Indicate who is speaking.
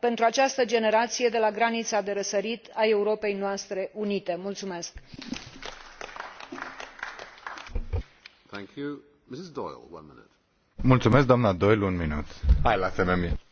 Speaker 1: pentru această generație de la granița de răsărit a europei noastre unite.
Speaker 2: mulțumesc.
Speaker 3: mulțumesc doyle un minut. hai